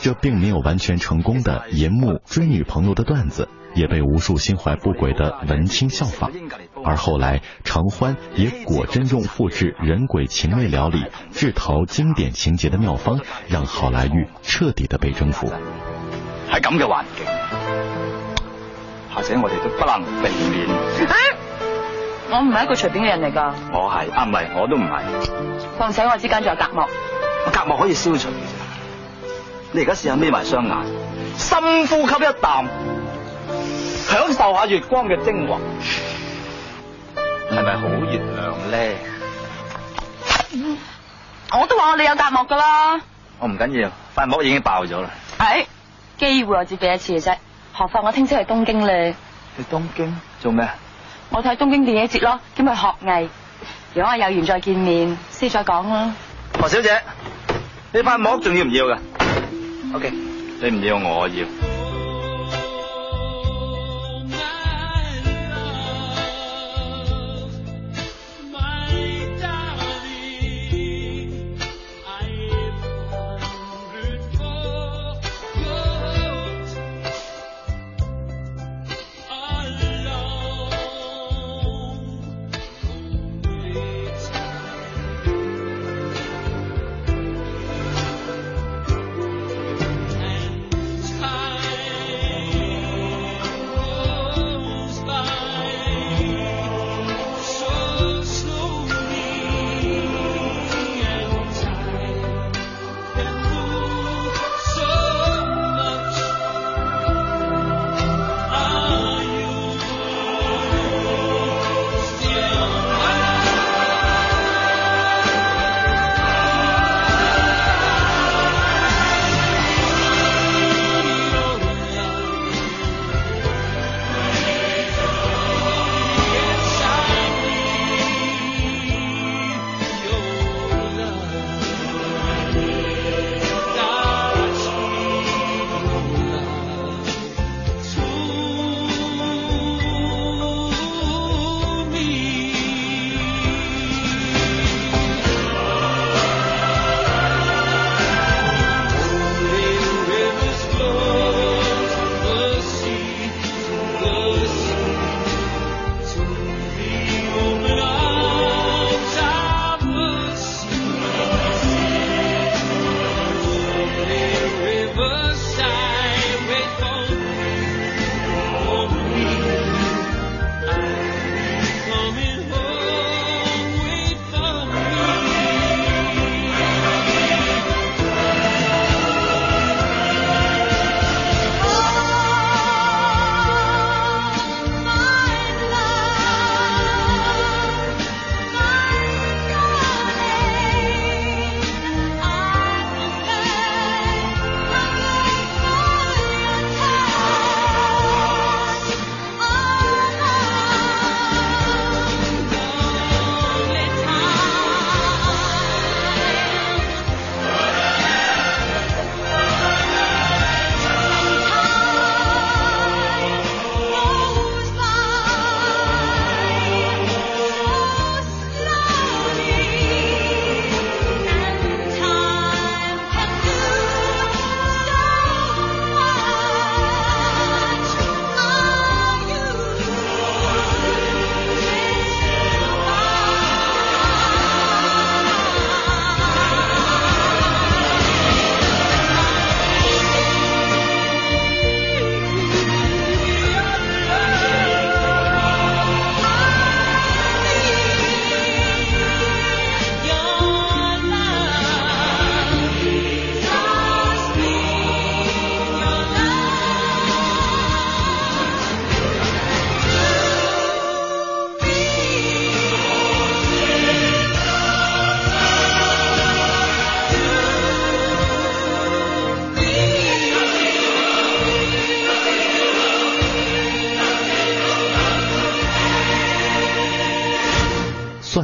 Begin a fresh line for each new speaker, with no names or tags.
這並沒有完全成功的銀幕追女朋友的段子，也被無數心懷不軌的文青效仿。而後來，常歡也果真用複製人鬼情未了裏製陶經典情節的妙方，讓好萊塢徹底的被征服。係咁嘅環境，怕且我哋都不能避免。哎，
我唔係一個隨便嘅人嚟噶。
我係啊，唔係，我都唔係。
況且我之間仲有隔
膜。隔膜可以消除。你而家試下眯埋雙眼，
深呼吸一啖，享受下月光嘅精華，
係咪好月亮咧？
我都話我哋有達幕噶啦。我唔緊要，塊幕已經爆咗啦。哎，機會我只俾一次嘅啫，何況我聽朝去東京咧。去東京做咩？我睇東京電影節咯，兼去學藝。如果我有緣再見面，先再講啦。
何小姐，你塊幕仲要唔要噶？OK，你唔要，我要。